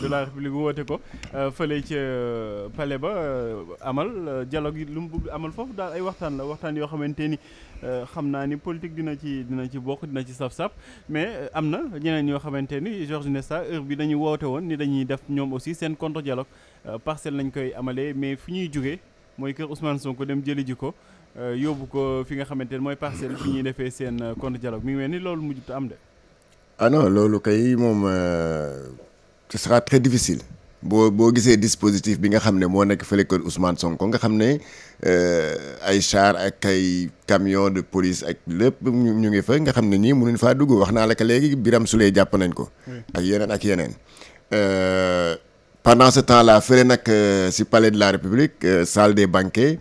de li république woote ko euh, fële ca euh, pale ba euh, amal dialogue yi lu mu bëgg amal foofu daal ay waxtaan la waxtaan yoo xamante ni xam naa ni politique dina ci dina ci bokk dina ci saf-saf mais am na ñeneen yoo xamante ni Georges Nesta heure bi dañu woote woon ni dañuy def ñoom aussi seen contre dialogue parcelle lañ koy amalee mais fu ñuy jógee mooy kër Ousmane ko dem jëli ji ko yóbbu ko fi nga xamante ni mooy parcelle fi ñuy defee seen contre dialogue mi ngi mel ni loolu mujjut am de. Ah loolu kay moom. ca sera très difficile boo boo gisee dispositif bi nga xam ne moo nekk fële kër Ousmane Sonko nga xam ne euh, ay char ak ay camion de police ak lépp ñu ngi fa nga xam ne nii mënuñ faa dugg wax naa la que léegi Biram Souley jàpp nañ ko. ak yeneen ak yeneen. Euh, pendant ce temps la fële nag euh, si palais de la République salle des banquets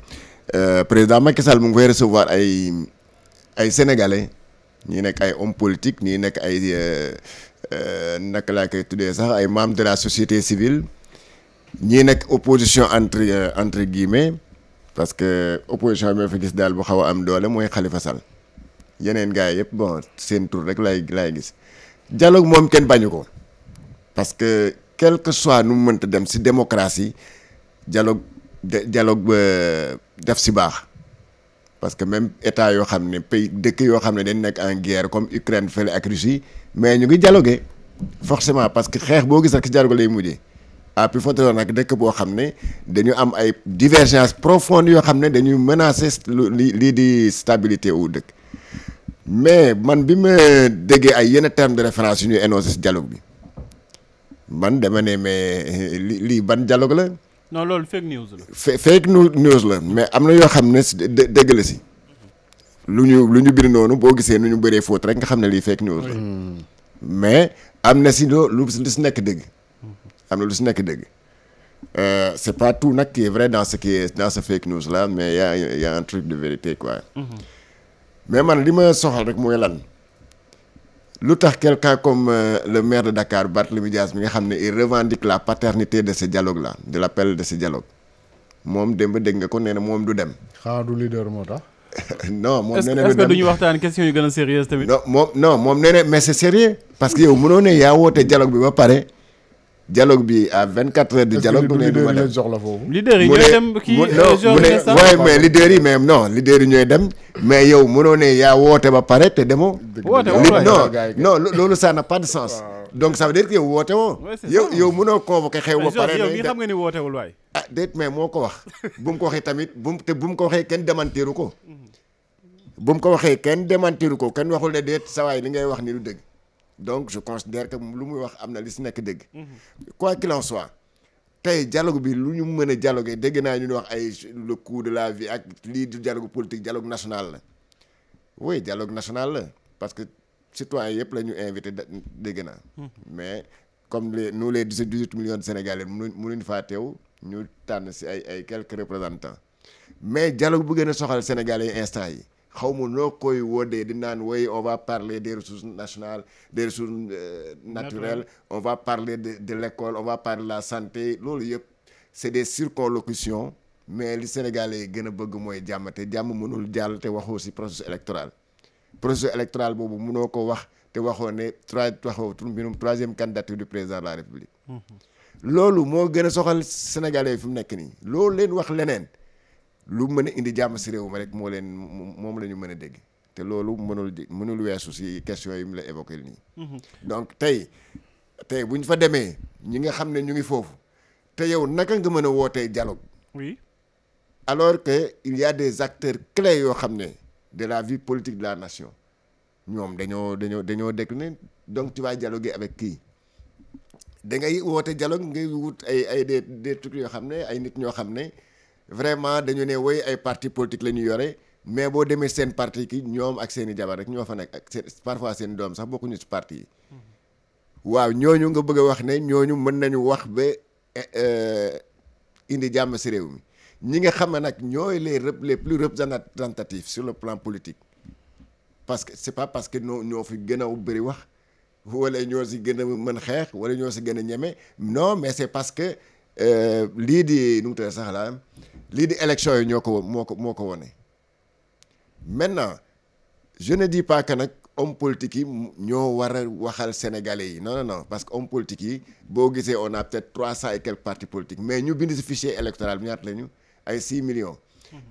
président Macky Sall mu ngi fay recevoir ay ay sénégalais nekk ay hommes politique ñii nekk ay. Euh, naka laa koy tuddee sax ay membres de la société civile ñii nekk opposition entre euh, entre guillemets parce que opposition bi ma fa gis daal bu xaw a am doole mooy Khalifa sal yeneen gars yëpp bon seen tur rek laay laay gis dialogue moom kenn bañu ko parce que quelque que soit nu mu mënta dem si démocratie dialogue dialogue ba euh, def si baax. parce que même état yoo xam ne pays dëkk yoo xam ne dañ nekk en guerre comme Ukraine fële ak Russie mais ñu ngi dialogué forcément parce que xeex boo gis rek si dialogue lay mujjee à plus forte raison nag dëkk boo xam ne dañu am ay divergence profonde yoo xam ne dañuy menacer li lii di stabilité wu dëkk mais man bi ma déggee ay yenn termes de référence yu ñuy énoncé si dialogue bi man dama ne mais lii ban jaloog la non loolu fake news la. fake la mais am na yoo xam ne si si lu ñu lu ñu biri noonu boo gisee nu ñu bëree foot rek nga xam ne lii fake news la mais am na si loo lu si nekk dëgg am na lu si nekk dëgg euh, c'est pas nag qui est vrai dans ce qui est dans ce fake news là mais y a y a un truc de vérité quoi. Mm-hmm. mais man li ma soxal rek mooy lan. lu tax quelqu'un comme euh, le maire de Dakar Barthélémy Dias mi nga xam ne il revendique la paternité de ce dialogue là de l'appel de ce dialogue moom démb dégg nga ko nee na moom du dem. xanaa du leader moo tax. non moom nee na est-ce que duñu waxtaan question yu gën a sérieuses tamit. non moom non moom nee na sérieux parce que yow mënoo ne yaa woote dialogue bi ba pare. dialogue bi à 24 heures de dialogue. mu ne bi ma dem leader yi ñooy dem mais leader yi mais non leader yi ñooy dem mais yow mënoo ne yaa woote ba pare te demoo. woote non non loolu ça n'a pas de sens. donc ça veut yow woote woo. yow yow mënoo convoqué xew ba pare. yow nga ni wootewul waay. Ah, mais moo ko wax bu mu ko waxee tamit bu te bu mu ko waxee kenn demantiru ko. Mhm. bu mu ko waxee kenn demantiru ko kenn waxul de déet sawaay li ngay wax ni lu dëgg donc je considère que lu muy wax am na li si nekk dégg mhm. quoi qu'il en soit tey dialogue bi lu ñu mën a dialoguer dégg naa ñu ne wax ay le coût de la vie ak lii du dialogue politique dialogue national la oui dialogue national la parce que citoyens yëpp la ñu invité dégg naa. Mhm. mais comme les nous les dix huit millions de Sénégalais mënuñ mënuñ faa teew ñu tànn si ay ay quelques représentants mais dialogue bu gën a soxal Sénégalais instant yi. xaw ma noo koy woodee di naan woy on va parler des ressources nationales des ressources euh, naturelles on va parler de de l'école on va parler de la santé loolu yëpp c'est des circonlocutions mais li Sénégalais gën a bëgg mooy jàmm te jàmm mënul jàll te waxoo ci processus électoral processus électoral boobu mënoo ko wax te waxoo ne trois waxoo mbirum troisième candidature du président la république mhm. loolu moo gën a soxal sénégalais yi mu nekk nii loolu leen wax leneen lu mën a indi jàmm si réew ma rek moo leen moom la ñu mën a dégg te loolu mënul mënul weesu si question yi mu la évoqué nii. Mhm. donc tey tey bu ñu fa demee ñi nga xam ne ñu ngi foofu te yow naka mën a wootee dialogue. oui alors des acteurs clés yoo xam ne de la vie politique la nation ñoom dañoo dañoo dañoo décliné donc tu vas dialoguer avec kii. dangay woote dialogue ngay wut ay ay des des trucs yoo xam ne ay nit ñoo xam ne. vraiment dañu ne woy ay parti politique la ñu yore mais boo demee seen parti ki ñoom ak seeni i jabar rek ñoo fa nekk ak seen parfois seen doom sax bokkuñu ci parti yi waaw ñooñu nga bëgg wax ne ñooñu mën nañu wax ba eh, eh, indi jàmm ci réew mi ñi nga xam ne nag ñooy les les plus représentatifs sur le plan politique parce que c'est pas parce que ñoo ñoo fi gën a bëri wax wala ñoo si gën a mën xeex wala ñoo si gën a ñeme no mais c'est parce que euh, lii di nu mu tudd sax lii de élection yi ñoo ko moo ko moo ko wone maintenant je ne dis pas que nag homme politique yi ñoo war a waxal sénégalais yi non non non parce que homme politique yi boo gisee on a peut-être trois cent et quelques partis politiques mais ñu bind si fichier électoral bi ñaata lañu ay six millions.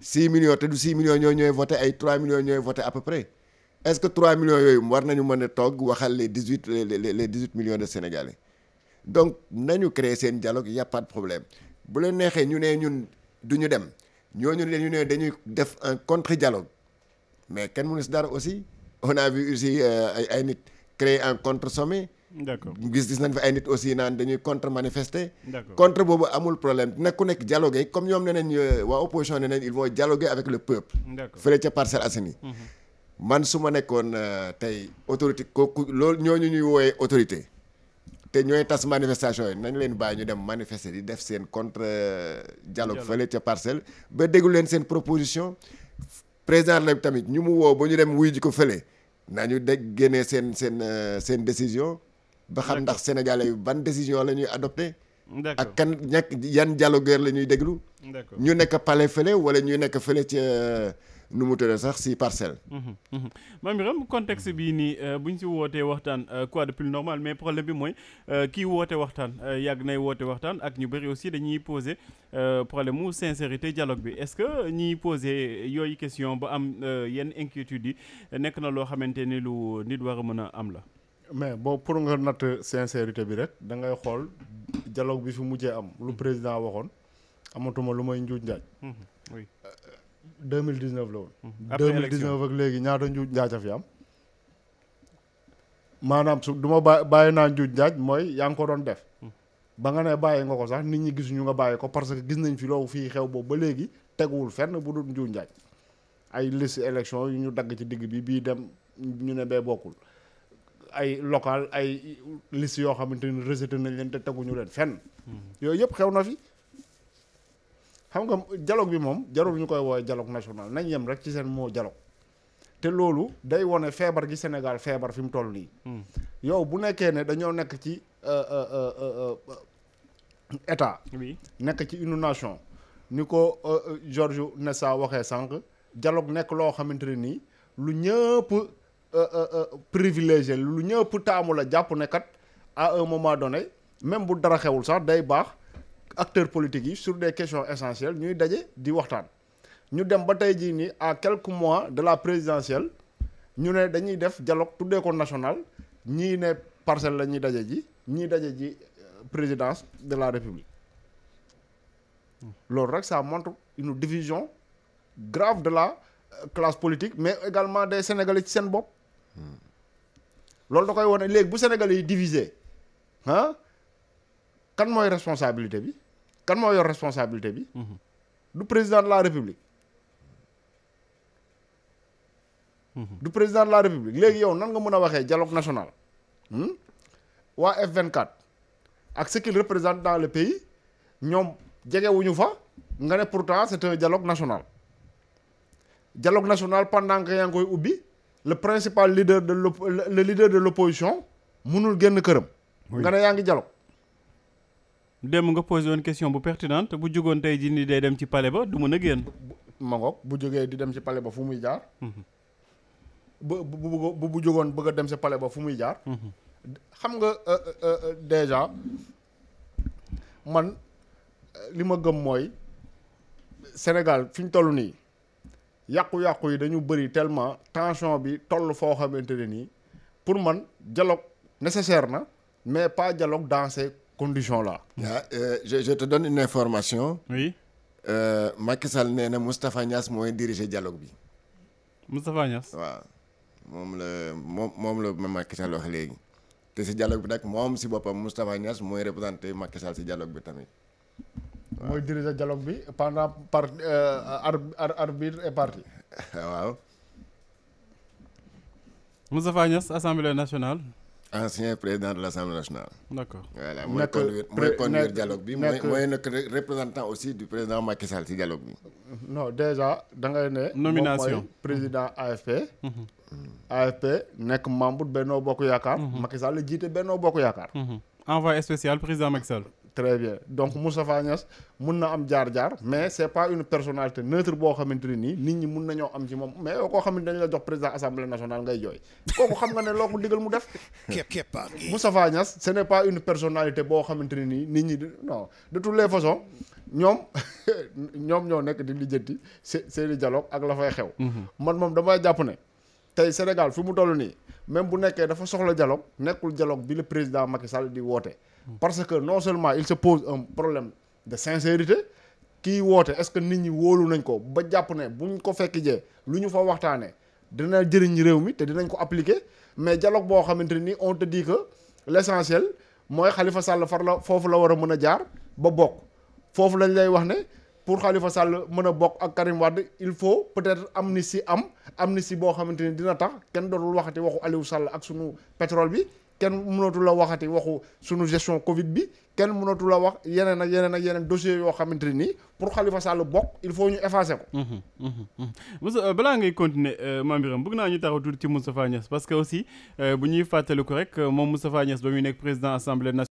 six millions te du six millions ñoo ñooy voté ay trois millions ñooy voté à peu près est-ce que trois millions yooyu war nañu mën a toog waxal les dix huit les dix huit millions de sénégalais donc nañu seen dialogue y a pas bu leen neexee ñu ne ñun. du ñu dem ñooñu ñu ne dañuy def un contre dialogue mais kenn mënu si dara aussi on a vu aussi euh, ay ay nit créer un contre sommet. d'accord gis gis nañ fi ay nit aussi naan dañuy contre manifester. contre boobu amul problème dina ku nekk dialoguer comme ñoom ne nañ euh, waa opposition ne nañ ils vont dialoguer avec le peuple. d'accord fële ca Parcelles Assainies. Mhm. man su ma nekkoon euh, tey autorité kooku loolu ñoo ñu ñuy woowee autorité. te ñooy tas manifestation yi nañ leen bàyyi ñu dem manifester yi def seen contre dialogue fële ca parcelle ba déglu leen seen proposition président la tamit ñu mu woo ba ñu dem wuy ji ko fële ñu dégg génnee seen seen euh, seen décision ba xam ndax sénégalais yu ban décision la ñuy adopté ak kan ñàkk yan dialogueur la ñuy déglu ñu nekk pale fële wala ñuy nekk fële ca nu mu tëddee sax si parcelle. Mhm, mhm. maam Birame contexte bii nii euh, bu ñu si wootee waxtaan euh, quoi de plus normal mais problème bi mooy euh, kii woote waxtaan yàgg nay woote waxtaan ak ñu bëri aussi dañuy poser problème mu sincérité dialogue bi est-ce que ñiy poser yooyu question ba am yenn inquiétude yi nekk na loo xamante ni lu nit war a mën a am la. mais boo pour nga natt sincérité bi rek da ngay xool dialogue bi fi mujjee am lu président waxoon amatuma lu may njuuj njaaj. Mhm, deux mille dix neuf la woon. Mhm. deux mille dix neuf ak léegi ñaata njuuj njaaj a am. maanaam su du ma bàyyi bàyyi naa njuuj njaaj mooy yaa ngi ko doon def. Mhm. ba nga ne bàyyi nga ko sax nit ñi gisuñu nga bàyyi ko parce que gis nañ fi loolu fii xew boobu ba léegi teguwul fenn bu dul njuuj njaaj. ay liste élection yu ñu dagg ci digg bi bii dem ñu ne bee bokkul ay local ay liste yoo xamante ni rejeté nañ leen te teguñu leen fenn. Mhm. yooyu yëpp xew na fi. xam nga dialogue bi moom jarul ñu koy woowee dialogue national nañ yem rek ci seen moo dialogue te loolu day wone feebar gi Sénégal feebar fi mu toll nii. Hmm. yow bu nekkee ne dañoo nekk ci euh, euh, euh, état. oui nekk ci inondation ni ko Georges Nessa waxee sànq dialogue nekk loo xamante ne nii lu ñëpp privilégié lu ñëpp taamu la jàpp ne kat à un moment même bu dara xewul sax day baax. acteur politiques yi sur des questions essentielles ñuy daje di waxtaan ñu dem ba tey jii nii à quelque mois de la présidentielle ñu ne dañuy def dialogue tuddee ko national ñii ne parcelle la ñuy daje ji ñii daje ji euh, présidence de la république loolu rek ça montre une division grave de la euh, classe politique mais également des sénégalais ci seen bopp hmm. loolu da koy wane léegi bu sénégalais yi divisé ah. kan mooy responsabilité bi kan mooy yor responsabilité bi. Mhm. du président de la république. Mhm. du président de la république léegi yow nan nga mën a waxee dialogue national. Hmm? waa F24 ak ce qu'il représente dans le pays ñoom jegewuñu fa nga ne pourtant c'est un dialogue national. dialogue national pendant que yaa ngi koy ubbi le principal leader de le leader de l'opposition munul génn këram. nga ne yaa ngi dialogue. démb nga posé woon question bu pertinente bu jógoon tey jii ni day dem ci palais ba du mën a génn. ma ngoog bu jógee di dem ci pale ba fu muy jaar. Mhm. bu bu bu jógoon bëgg a dem ci pale ba fu muy jaar. Mhm. xam nga euh, euh, euh, déjà man li ma gëm mooy Sénégal fi ñu toll nii yàqu-yàqu yi dañu bëri tellement tension bi toll foo xamante ne nii pour man dialogue nécessaire na mais pas dialogue dans condition la ah, waaw euh, je je te donne une information. oui. Euh, Macky Sall nee na Moustapha mooy diriger dialogue bi. Moustapha Niass. waaw moom la moom la Macky Sall wax léegi te si dialogue bi nag moom si boppam Moustapha Niass mooy représenté Macky si dialogue bi tamit. waaw mooy diriger dialogue bi pendant par euh, arbitre et parti. waaw. Moustapha Niass assemblée nationale. ancien président de l'Assemblée nationale. d'accord voilà mooy conduire mooy conduire dialogue bi mooy mooy nekk représentant aussi du président Macky Sall ci dialogue bi. non déjà da ngay ne. nomination président mm-hmm. AFP. Mm-hmm. AFP nekk membre Benno Bokk Yaakaar. Mm-hmm. Macky Sall jiite Benno Bokk Yaakaar. envoyé spécial président Macky très bien donc Moustapha Niass mun na am jaar-jaar mais c' est pas une personnalité neutre boo xamante ne nii nit ñi mun nañoo am ci moom mais yow koo xam ne dañu la jox président assemblée nationale ngay jooy kooku xam nga ne loo ko digal mu def. képp képp Moustapha Niass ce n' est pas une personalité boo xamante ne nii nit ñi non de toutes les façons ñoom ñoom ñoo nekk di lijjanti seen i dialogue ak la fay xew. Mm-hmm. man moom damay jàpp ne. tey Sénégal fi mu toll nii même bu nekkee dafa soxla dialogue nekkul dialogue bi le président Macky Sall di woote. parce que non seulement il se pose un problème de sincérité kii woote est-ce que nit ñi wóolu nañ ko ba jàpp ne buñ ko fekk jee lu ñu fa waxtaanee dina jëriñ réew mi te dinañ ko appliquer mais dialogue boo xamante ni on te dit que mooy xalifa Sall far la foofu la war a mën a jaar ba bokk foofu lañ lay wax ne. pour Khalifa Sall mën a bokk ak Karim Wade il faut peut-être amnistie am amnistie boo xamante ni dina tax kenn dootul waxati waxu Aliou Sall ak sunu pétrole bi kenn mënatu la wax yeneen ak yeneen ak yeneen dossier yoo xamante nii pour Khalifa Sall bokk il faut ñu effacer ko. Mmh, mmh, mmh, euh, balaa ngay continuer euh, Mame Birame naa ñu taxaw tuuti ci Moustapha Niass parce que aussi euh, bu ñuy fàttaliku rek moom Moustapha Niass ba muy nekk président assemblée